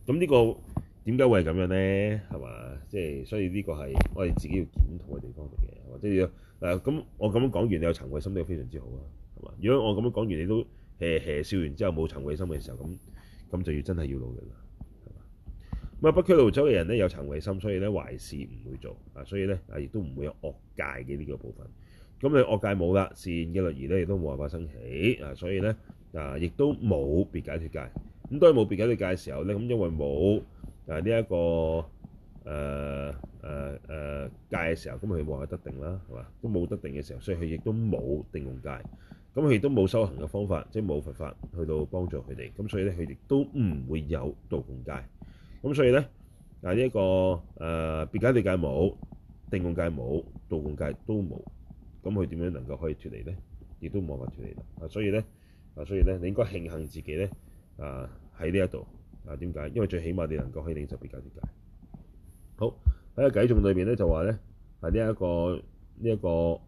咁呢個點解會係咁樣咧？係嘛？即係所以呢個係我哋自己要檢討嘅地方嚟嘅，或者、就是、要嗱咁我咁樣講完，你有慚愧心都係、這個、非常之好啊，係嘛？如果我咁樣講完，你都嘿嘿笑完之後冇慚愧心嘅時候，咁咁就要真係要努力啦，係嘛？咁啊北俱盧洲嘅人咧有慚愧心，所以咧壞事唔會做啊，所以咧啊亦都唔會有惡戒嘅呢個部分。咁你惡戒冇啦，善嘅律儀咧亦都冇辦法生起啊，所以咧。嗱，亦都冇別解脫戒，咁都係冇別解脫戒嘅時候咧。咁因為冇嗱呢一個誒誒誒戒嘅時候，咁佢冇得定啦，係嘛？都冇得定嘅時候，所以佢亦都冇定共戒。咁佢亦都冇修行嘅方法，即係冇佛法去到幫助佢哋。咁所以咧，佢亦都唔會有道共戒。咁所以咧，嗱呢一個誒別解脫戒，冇定共戒，冇道共戒都冇，咁佢點樣能夠可以脫離咧？亦都冇辦法脫離啦。所以咧。嗱，所以咧，你應該慶幸自己咧，啊，喺呢一度，啊點解？因為最起碼你能夠可以頂十倍價值價。好喺啊，偈眾裏邊咧就話咧，係呢一個呢一個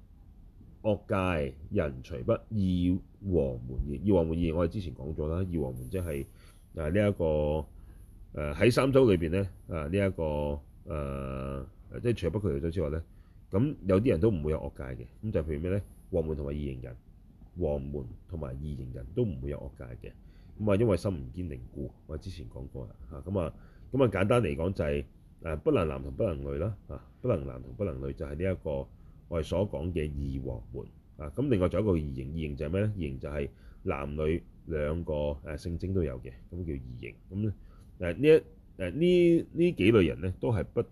惡戒人除北二黃門二黃門二形，我哋之前講咗啦，二黃門即係啊呢一個誒喺三洲裏邊咧，啊呢一個誒即係除咗北俱盧洲之外咧，咁有啲人都唔會有惡戒嘅，咁就是譬如咩咧？黃門同埋二形人。黃門同埋二形人都唔會有惡戒嘅咁啊，因為心唔堅凝固。我之前講過啦嚇咁啊，咁啊簡單嚟講就係啊不能男同不能女啦啊不能男同不能女就係呢一個我哋所講嘅二黃門啊。咁另外仲有一個二形，二形就係咩咧？二形就係男女兩個誒性徵都有嘅，咁叫二形。咁誒呢一誒呢呢幾類人咧都係不誒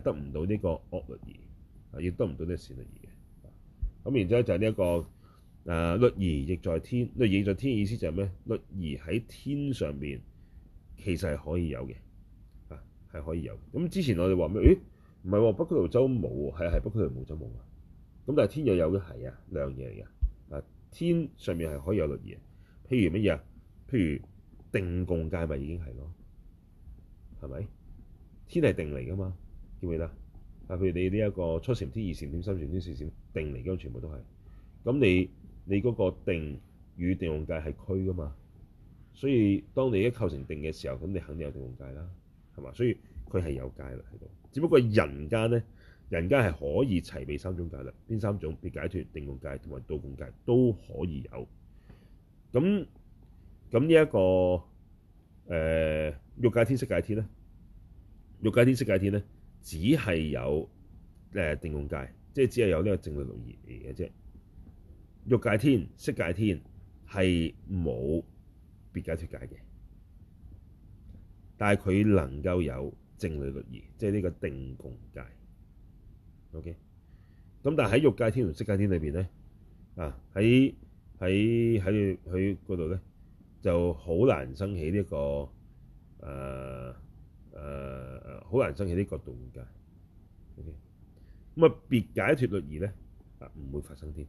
得唔到呢個惡律儀啊，亦得唔到呢個善律儀嘅。咁然之後就係呢一、這個。誒律儀亦在天，律儀在天嘅意思就係咩？律儀喺天上邊其實係可以有嘅啊，係可以有。咁之前我哋話咩？咦，唔係北俱盧洲冇，係係北俱盧洲冇就冇啊。咁、啊、但係天又有嘅，係啊兩樣嘢嚟嘅。天上面係可以有律儀，譬如乜嘢啊？譬如定共戒咪已經係咯，係咪？天係定嚟噶嘛？知唔知啦？啊，譬如你呢一個初禪天、二、二禪天、三禪天、四禪定嚟嘅，全部都係咁你。你嗰個定與定共戒係區噶嘛？所以當你一構成定嘅時候，咁你肯定有定共戒啦，係嘛？所以佢係有戒啦喺度。只不過人間咧，人間係可以齊備三種戒啦。邊三種？別解脱定共戒同埋道共戒都可以有。咁咁呢一個誒欲、呃、界天色界天咧，欲界天色界天咧，只係有誒、呃、定共戒，即係只係有呢個靜慮律儀嚟嘅啫。欲界天、色界天係冇別解脱戒嘅，但係佢能夠有靜慮律儀，即係呢個定共戒。OK，咁但係喺欲界天同色界天裏邊咧啊，喺喺喺喺嗰度咧就好難生起呢、這、一個誒好、呃呃、難生起呢個道戒。OK，咁啊，別解脱律儀咧啊，唔會發生啲。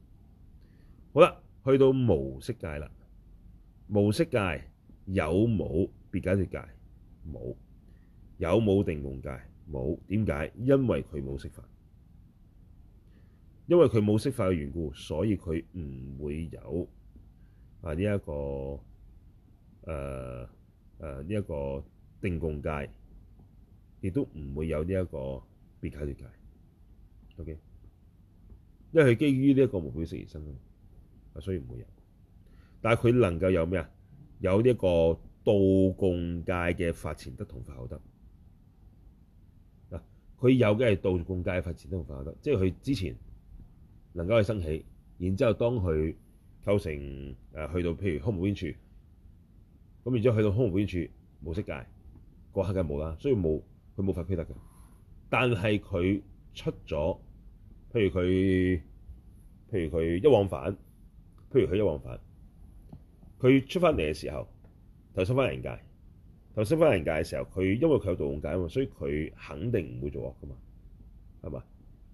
好啦，去到無色界啦。無色界有冇別解脫戒？冇。有冇定共戒？冇。點解？因為佢冇色法。因為佢冇色法嘅緣故，所以佢唔會有啊呢一、這個誒誒呢一個定共戒，亦都唔會有呢一個別解脫戒。O.K.，因為佢基於呢一個無表色而生啊。啊，雖然唔會有，但係佢能夠有咩啊？有呢一個道共戒嘅法前得同法後得嗱，佢有嘅係道共戒嘅法前得同法後得，即係佢之前能夠去生起，然之後當佢構成誒、啊、去到譬如空無邊處，咁然之後去到空無邊處，冇色界刻梗係冇啦，所以冇佢冇法俱得嘅，但係佢出咗，譬如佢譬如佢一往返。譬如佢一往返，佢出翻嚟嘅時候，投生翻人界，投生翻人界嘅時候，佢因為佢有道共戒啊嘛，所以佢肯定唔會做惡噶嘛，係嘛？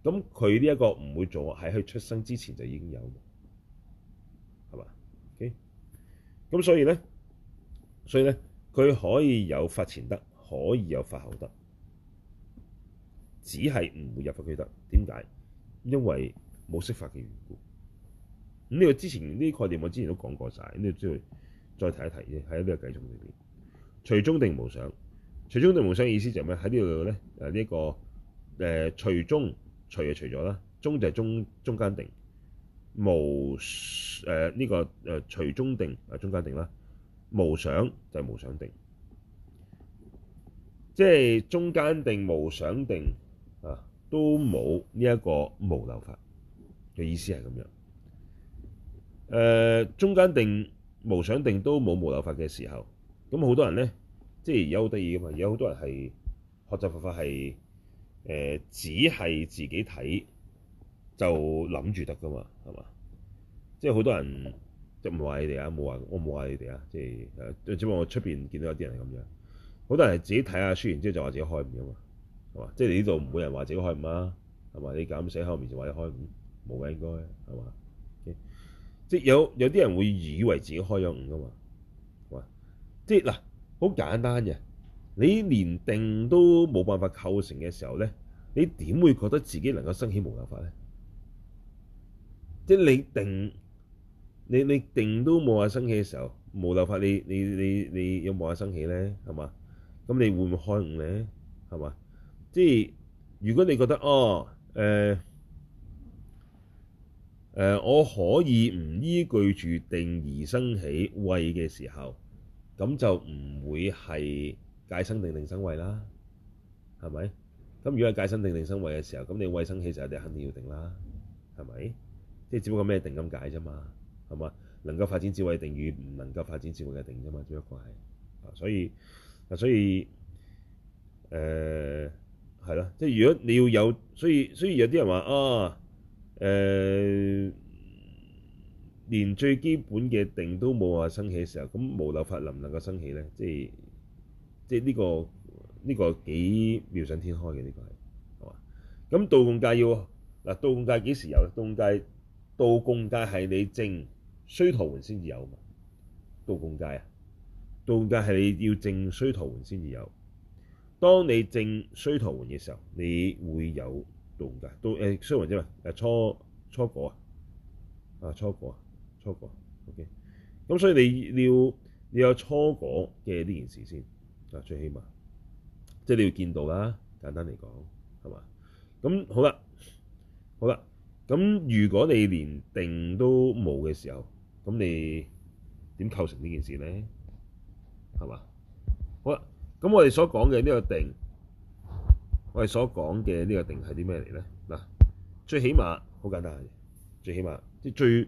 咁佢呢一個唔會做惡喺佢出生之前就已經有，係嘛？咁、okay? 所以咧，所以咧，佢可以有法前得，可以有法後得，只係唔會入法俱得。點解？因為冇色法嘅緣故。咁、這、呢個之前呢個概念，我之前都講過晒，呢度再提一提嘅喺呢個計中裏面，除中定無想，除中定無想意思是在這裏、這個、隨就咩？喺呢度咧，誒呢個隨中除就除咗啦，中就係中中間定無誒呢、這個除中間定啊中間定啦，無想就係無想定，即係中間定無想定啊，都冇呢一個無漏法嘅意思係咁樣。誒、呃、中間定無想定都冇無漏法嘅時候，咁好多人咧，即係而家好得意嘅嘛，而家好多人係學習佛法係、呃、只係自己睇就諗住得噶嘛，係嘛？即係好多人，即係唔話你哋啊，冇話我冇話你哋啊，即係係最尾我出面見到有啲人咁樣，好多人係自己睇下書，然之後就話自己開悟㗎嘛，係嘛？即係呢度冇人話自己開悟啊，係嘛？你咁寫後面就話你，你開悟，冇嘅應該係嘛？即係有有啲人會以為自己開咗悟噶嘛，喂，即係嗱，好簡單嘅，你連定都冇辦法構成嘅時候咧，你點會覺得自己能夠生起無漏法咧？即係你定，你你定都冇話生起嘅時候，無漏法你你你你，你有冇話生起咧？係嘛？咁你會唔會開悟咧？係嘛？即係如果你覺得哦，誒、呃。誒、呃、我可以唔依據住定而生起慧嘅時候，咁就唔會係戒生定定生慧啦，係咪？咁如果係戒生定定生慧嘅時候，咁你慧生起就一定肯定要定啦，係咪？即係只不過咩定咁解啫嘛，係嘛？能夠發展智慧定與唔能夠發展智慧嘅定啫嘛，只不過係，所以，所以，誒、呃，係啦，即係如果你要有，所以，所以有啲人話啊。誒、呃，連最基本嘅定都冇話升起嘅時候，咁無漏法能唔能夠升起咧？即係即係、這、呢個呢、這個幾妙想天開嘅呢、這個係，係、哦、嘛？咁道共戒要嗱道共戒幾時有？道共戒道共戒係你證須陀洹先至有嘛？道共戒啊，道戒係你要證須陀洹先至有。當你證須陀洹嘅時候，你會有。到唔介到誒，雖然話啫嘛，誒初初果啊，啊初果啊，初果，OK，咁所以你要要有初果嘅呢件事先，啊最起碼，即係你要見到啦，簡單嚟講，係嘛？咁好啦，好啦，咁如果你連定都冇嘅時候，咁你點構成呢件事咧？係嘛？好啦，咁我哋所講嘅呢個定。我哋所講嘅呢個定係啲咩嚟咧？嗱，最起碼好簡單嘅，最起碼啲最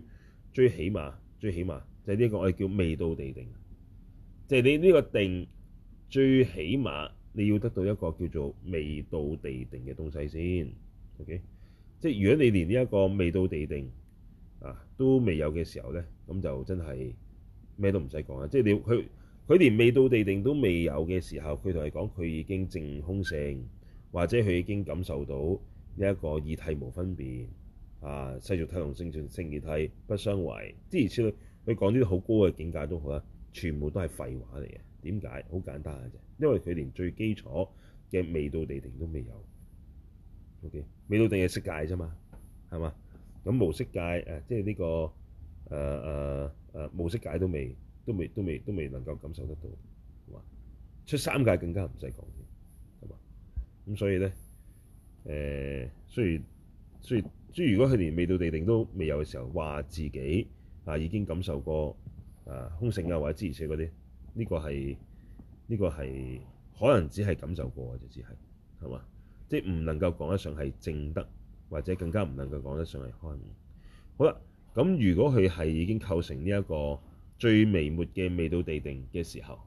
最起碼最起碼就係呢個我哋叫未到地定，即係你呢個定最起碼你要得到一個叫做未到地定嘅東西先。O.K.，即係如果你連呢一個未到地定啊都未有嘅時候咧，咁就真係咩都唔使講啦。即係你佢佢連未到地定都未有嘅時候，佢同你講佢已經證空性，或者佢已經感受到呢一個二諦無分別啊，世俗諦同勝義諦不相違。之如此類，佢講啲好高嘅境界都好啊，全部都係廢話嚟嘅。點解？好簡單嘅啫，因為佢連最基礎嘅未到地定都未有。OK，未到地定係色界啫嘛，係嘛？咁無色界誒，即係呢個誒誒誒無色界都未都未都未都未，都未能夠感受得到，係嘛？出三界更加唔使講。咁所以咧，誒雖然雖然，即係如果佢連未到地定都未有嘅時候，話自己啊已經感受過啊空性啊，或者之前寫嗰啲呢個係呢、呢個係可能只係感受過嘅、啊，就只係係嘛？即係唔能夠講得上係證得，或者更加唔能夠講得上係開悟。好啦，咁如果佢係已經構成呢一個最微末嘅未到地定嘅時候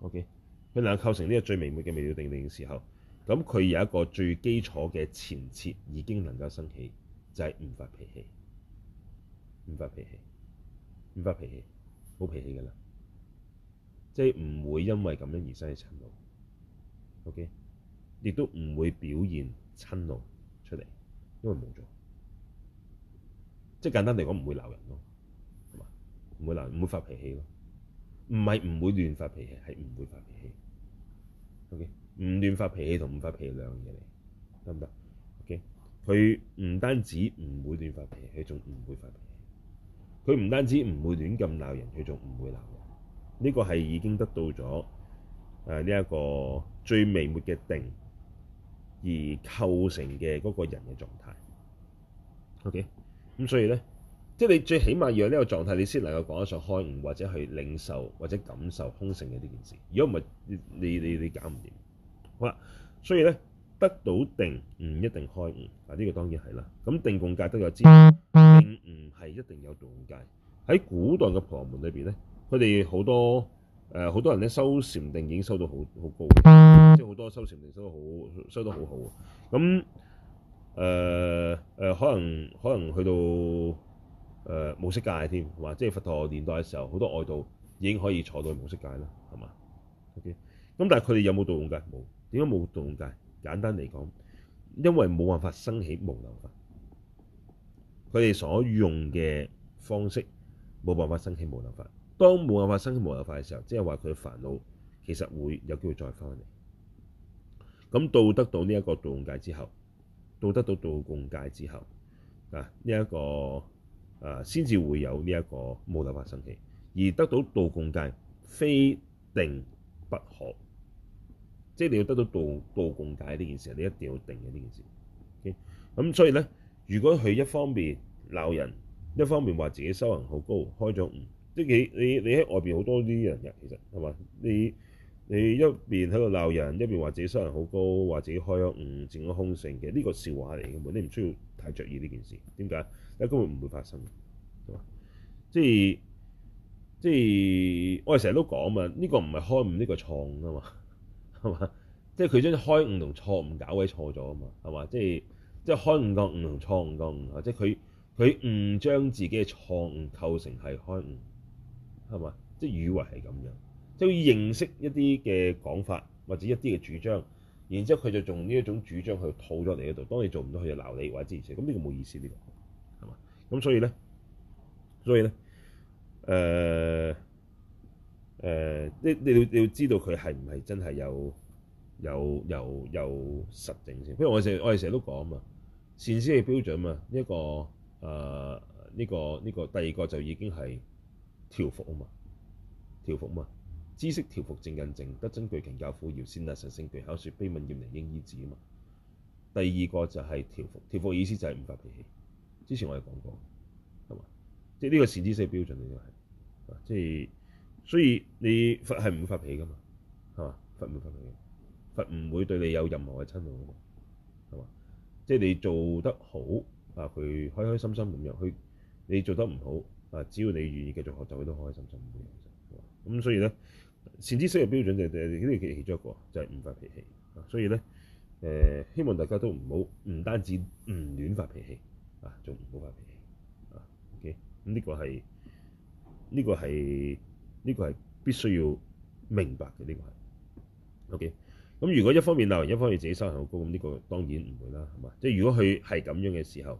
，OK，佢能夠構成呢個最微末嘅未到地定嘅時候。咁佢有一個最基礎嘅前設已經能夠生起，就係唔發脾氣，唔發脾氣，唔發脾氣，好脾氣㗎喇，即係唔會因為咁樣而生起嗔怒。O.K. 亦都唔會表現嗔怒出嚟，因為冇咗。即係簡單嚟講，唔會鬧人咯，係嘛？唔會鬧，唔會發脾氣咯。唔係唔會亂發脾氣，係唔會發脾氣。O.K. 唔亂發脾氣同唔發脾氣兩樣嘢嚟，得唔得？OK，佢唔單止唔會亂發脾氣，仲唔會發脾氣。佢唔單止唔會亂咁鬧人，佢仲唔會鬧人。呢個係已經得到咗，誒呢一個最微末嘅定而構成嘅嗰個人嘅狀態。OK，咁所以咧，即係你最起碼要有呢個狀態，你先能夠講得上開悟，或者係領受或者感受空性嘅呢件事。如果唔係，你你你搞唔掂。好啦，所以咧，得到定唔一定開悟，啊呢、這個當然係啦。咁、嗯、定共戒都有知，並唔係一定有道共戒。喺古代嘅婆羅門裏邊咧，佢哋好多誒，好、呃、多人咧修禪定已經修到好好高，即係好多修禪定修得好，修得，修得好好。咁誒誒，可能可能去到誒無色界添，或者係佛陀年代嘅時候，好多外道已經可以坐到無色界啦，係嘛？O K。咁、okay？嗯、但係佢哋有冇道共戒？冇。因為冇道共戒，簡單嚟講，因為冇辦法生起無漏法，佢哋所用嘅方式冇辦法生起無漏法。當冇辦法生起無漏法嘅時候，即係話佢煩惱其實會有機會再翻嚟。咁到得到呢一個道共戒之後，到得到道共戒之後啊，呢、這、一個啊先至會有呢一個無漏法生起。而得到道共戒，非定不可。即係你要得到道道共戒呢件事，你一定要定嘅呢件事。咁、okay? 所以咧，如果佢一方面鬧人，一方面話自己修行好高，開咗悟，即係你你你喺外邊好多呢啲人嘅，其實係嘛？你你一邊喺度鬧人，一邊話自己修行好高，話自己開咗悟，證咗空性嘅，呢、這個笑話嚟嘅嘛？你唔需要太着意呢件事。點解？因為根本唔會發生嘅，係嘛？即係即係我哋成日都講啊嘛，呢個唔係開悟，呢個錯啊嘛。係嘛？即係佢將開悟同錯誤搞鬼錯咗啊嘛？係嘛？即係即係開悟當誤同錯誤當誤啊！即係佢佢誤將自己嘅錯誤構成係開悟，係嘛？即係以為係咁樣，即係要認識一啲嘅講法或者一啲嘅主張，然之後佢就用呢一種主張去套咗你嗰度，當你做唔到佢就鬧你或者之前咁，呢個冇意思呢個，係嘛？咁所以咧，所以咧，誒、呃。你你要你要知道佢係唔係真係有有有有實證先。譬如我成我哋成日都講啊嘛，善知識嘅標準啊嘛，呢、這個呢、呃這個呢、這個第二個就已經係調伏啊嘛，調伏嘛，知識調伏靜近靜，德增具勤教富饒善達啊，實性具巧說悲體離厭應依止啊嘛。第二個就係調伏，調伏意思就係唔發脾氣。之前我哋講過，係嘛？即係呢個善知識嘅標準嚟嘅係，即所以你佛係唔會發脾氣㗎嘛，係嘛？佛唔會發脾嘅，佛唔會對你有任何嘅瞋怒，係嘛？即、就、係、是、你做得好啊，佢開開心心咁樣去；你做得唔好啊，只要你願意繼續學習，佢都開開心心咁入去。咁所以咧，善知識嘅標準就就呢個其中一個，就係、是、唔發脾氣。所以咧，誒、呃，希望大家都唔好唔單止唔亂發脾氣，啊，仲唔好發脾氣。啊，OK，咁呢個係呢、這個係。呢、這個係必須要明白嘅，呢、這個係 OK。咁如果一方面鬧人，一方面自己修行好高，咁呢個當然唔會啦，係嘛？即、就、係、是、如果佢係咁樣嘅時候，誒、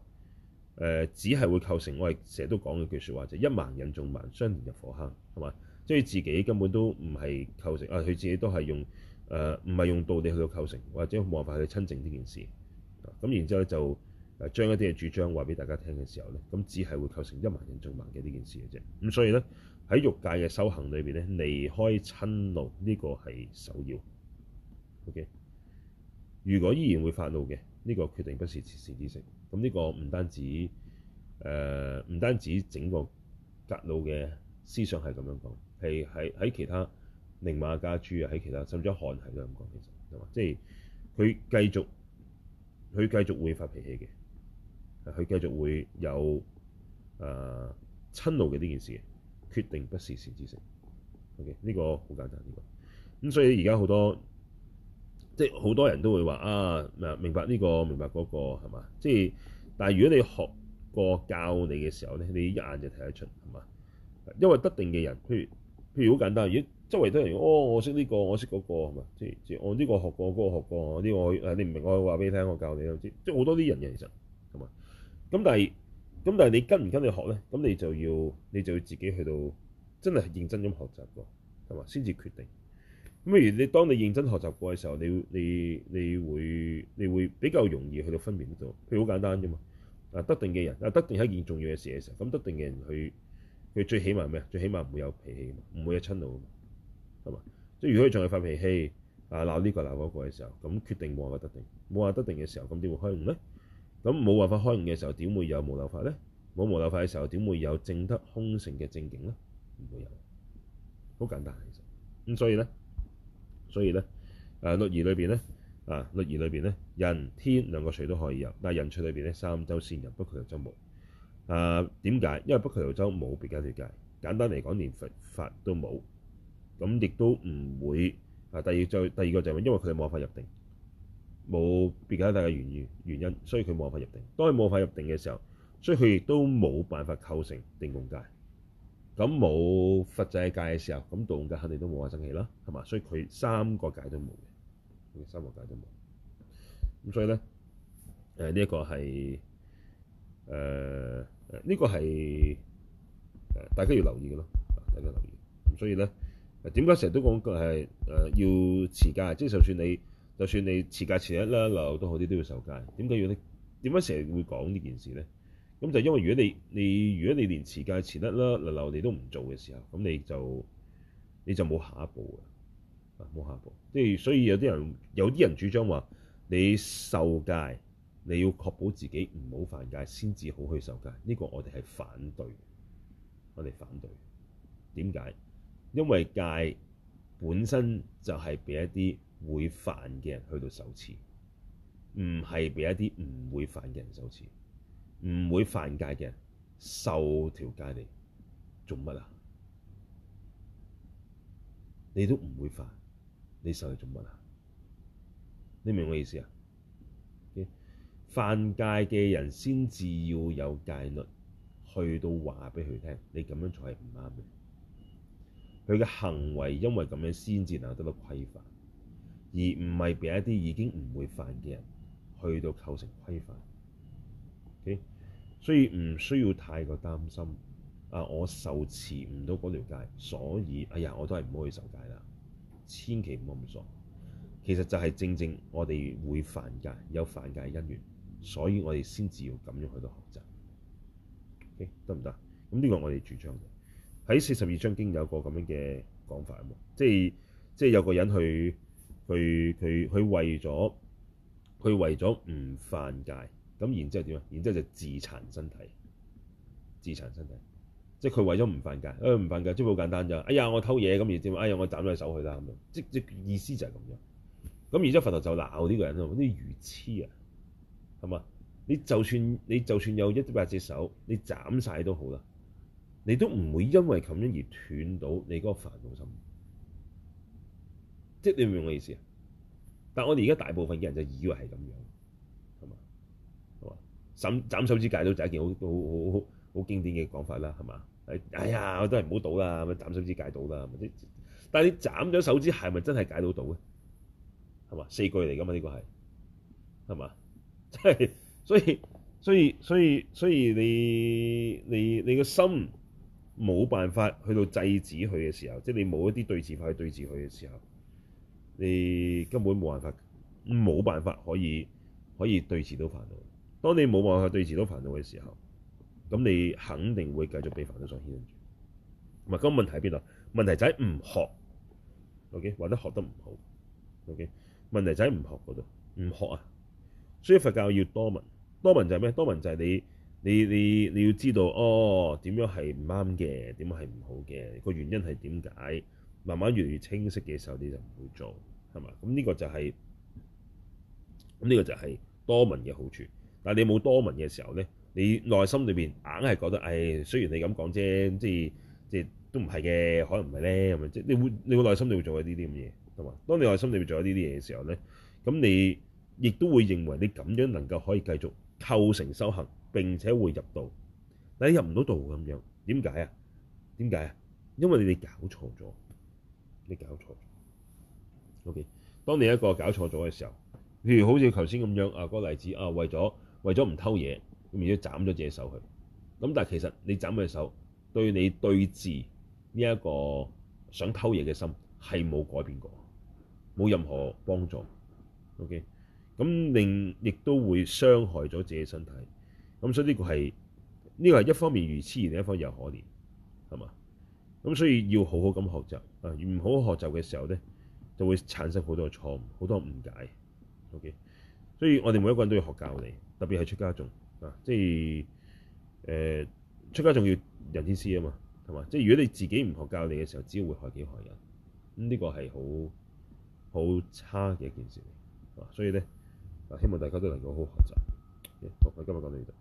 呃、只係會構成我係成日都講嘅一句説話，就是、一盲引眾盲，相連入火坑，係嘛？即、就、係、是、自己根本都唔係構成啊，佢、呃、自己都係用誒唔係用道理去到構成，或者冇辦法去親證呢件事。咁、啊、然之後就誒將一啲嘅主張話俾大家聽嘅時候咧，咁只係會構成一盲引眾盲嘅呢件事嘅啫。咁所以咧。喺欲界嘅修行裏邊咧，離開嗔怒呢個係首要。OK，如果依然會發怒嘅呢、呢個決定不是善知識咁呢個唔單止誒唔、呃、單止整個格魯嘅思想係咁樣講，係喺喺其他寧瑪噶舉啊，喺其他甚至乎漢係都咁講。其實係嘛，即係佢繼續佢繼續會發脾氣嘅，佢繼續會有誒、呃、嗔怒嘅呢件事決定不是善知識，OK？呢個好簡單，呢個咁所以而家好多即係好多人都會話啊，明白呢個明白嗰個係嘛？即係但係如果你學過教你嘅時候咧，你一眼就睇得出係嘛？因為得定嘅人，譬如譬如好簡單，如果周圍都有人哦，我識呢個，我識嗰個係嘛？即係即係我呢個學過，嗰個學過，我呢個誒你唔明，我話俾你聽，我教你都知，即係好多啲人嘅其實係嘛？咁但係。咁但係你跟唔跟你學咧？咁你就要你就要自己去到真係認真咁學習過，係嘛？先至決定。咁譬如你當你認真學習過嘅時候，你你你會你會比較容易去到分辨得到。譬如好簡單啫嘛，啊得定嘅人啊，得定係一件重要嘅事嘅時候，咁得定嘅人去佢最起碼咩？最起碼唔會有脾氣嘛，唔會有嗔怒嘛，係嘛？即、嗯、係如果佢仲係發脾氣啊鬧呢、呢個鬧嗰個嘅時候，咁決定冇話得定，冇話得定嘅時候，咁點會開悟咧？咁冇辦法開悟嘅時候，點會有無漏法咧？冇無漏法嘅時候，點會有證得空性嘅證境咧？唔會有，好簡單其實。咁所以咧，所以咧，誒律儀裏邊咧，啊律儀裏邊咧，人天兩個趣都可以有，但係人趣裏邊咧，三洲先有，北俱盧洲無。誒點解？因為北俱盧洲冇別解脫戒，簡單嚟講，連佛法都冇，咁亦都唔會。啊第二再第二個就係因為佢哋冇辦法入定。冇別解脫戒嘅原因，原因，所以佢冇法入定。當佢冇法入定嘅時候，所以佢亦都冇辦法構成定共戒。咁冇佛制戒嘅時候，咁道共戒肯定都冇法生起啦，係嘛？所以佢三個戒都冇嘅，三個戒都冇。咁所以咧，誒呢一個係誒呢個係誒大家要留意嘅咯，大家留意。咁所以咧，點解成日都講係誒要持戒？即係就算你。就算你持戒持得啦流都好啲，都要受戒。點解要呢？點解成日會講呢件事咧？咁就因為如果你你如果你連持戒持得啦流你都唔做嘅時候，咁你就你就冇下一步嘅，啊冇下一步。即係所以有啲人有啲人主張話你受戒，你要確保自己唔好犯戒先至好去受戒。呢個我哋係反對，我哋反對。點解？因為戒本身就係俾一啲會犯嘅人去到受持，唔係俾一啲唔會犯嘅人受持。唔會犯戒嘅人受條戒嚟做乜啊？你都唔會犯，你受嚟做乜啊？你明唔明我意思啊？犯戒嘅人先至要有戒律去到話俾佢聽，你咁樣做係唔啱嘅。佢嘅行為因為咁樣先至能得到規範。而唔係俾一啲已經唔會犯嘅人去到構成規範。Okay? 所以唔需要太過擔心。啊，我受持唔到嗰條戒，所以哎呀，我都係唔好去受戒啦。千祈唔好咁傻。其實就係正正我哋會犯戒，有犯戒嘅因緣，所以我哋先至要咁樣去到學習。得唔得？咁呢個我哋主張嘅喺四十二章經有個咁樣嘅講法啊，即係即係有個人去。佢佢佢為咗佢為咗唔犯戒，咁然之後點啊？然之後就自殘身體，自殘身體，即係佢為咗唔犯戒。誒、哎、唔犯戒即係好簡單啫。哎呀，我偷嘢咁，然之哎呀，我斬咗隻手去啦咁樣，即即意思就係咁樣。咁然之後佛頭就鬧呢個人喎，啲魚痴啊，係嘛？你就算你就算有一百隻手，你斬曬都好啦，你都唔會因為咁樣而斷到你嗰個煩惱心。即你明唔明我意思啊？但係我哋而家大部分嘅人就以為係咁樣，係嘛係嘛？斬斬手指戒到就係一件好好好好好經典嘅講法啦，係嘛？哎呀，我都係唔好賭啦，斬手指戒到啦。但係你斬咗手指係咪真係戒到到咧？係嘛？四句嚟㗎嘛？呢個係係嘛？即係所以所以所以所以，所以所以所以你你你個心冇辦法去到制止佢嘅時候，即係你冇一啲對治法去對治佢嘅時候。你根本冇辦法，冇辦法可以可以對治到煩惱。當你冇辦法對治到煩惱嘅時候，咁你肯定會繼續被煩惱所牽住。唔係，個問題喺邊度？問題係唔學，OK，或者學得唔好，OK。問題係唔學嗰度，唔學啊。所以佛教要多聞，多聞就係咩？多聞就係你你你你要知道，哦，點樣係唔啱嘅，點樣係唔好嘅，個原因係點解？慢慢越嚟越清晰嘅時候，你就唔會做係嘛？咁呢個就係咁呢個就係多聞嘅好處。但係你冇多聞嘅時候咧，你內心裏邊硬係覺得誒，雖然你咁講啫，即係即係都唔係嘅，可能唔係咧，咁即係你會你會內心裏邊做呢啲咁嘢係嘛？當你內心裏邊做呢啲嘢嘅時候咧，咁你亦都會認為你咁樣能夠可以繼續構成修行並且會入道，但係你入唔到道，咁樣點解啊？點解啊？因為你哋搞錯咗。你搞錯咗，OK。當你一個搞錯咗嘅時候，譬如好似頭先咁樣啊，個例子啊，為咗為咗唔偷嘢，咁然之後斬咗自己手去。咁但係其實你斬嘅手，對你對治呢一個想偷嘢嘅心係冇改變過，冇任何幫助。OK。咁另亦都會傷害咗自己身體。咁所以呢個係呢個係一方面愚痴，另一方又可憐，係嘛？咁所以要好好咁學習，啊，唔好好學習嘅時候咧，就會產生好多錯誤、好多誤解。OK，所以我哋每一個人都要學教理，特別係出家眾，啊，即係誒、呃、出家眾要人天師啊嘛，係嘛？即係如果你自己唔學教理嘅時候，只會害己害人，咁呢個係好好差嘅一件事嚟，啊，所以咧，嗱，希望大家都能夠好好學習，好，我今日講到呢度。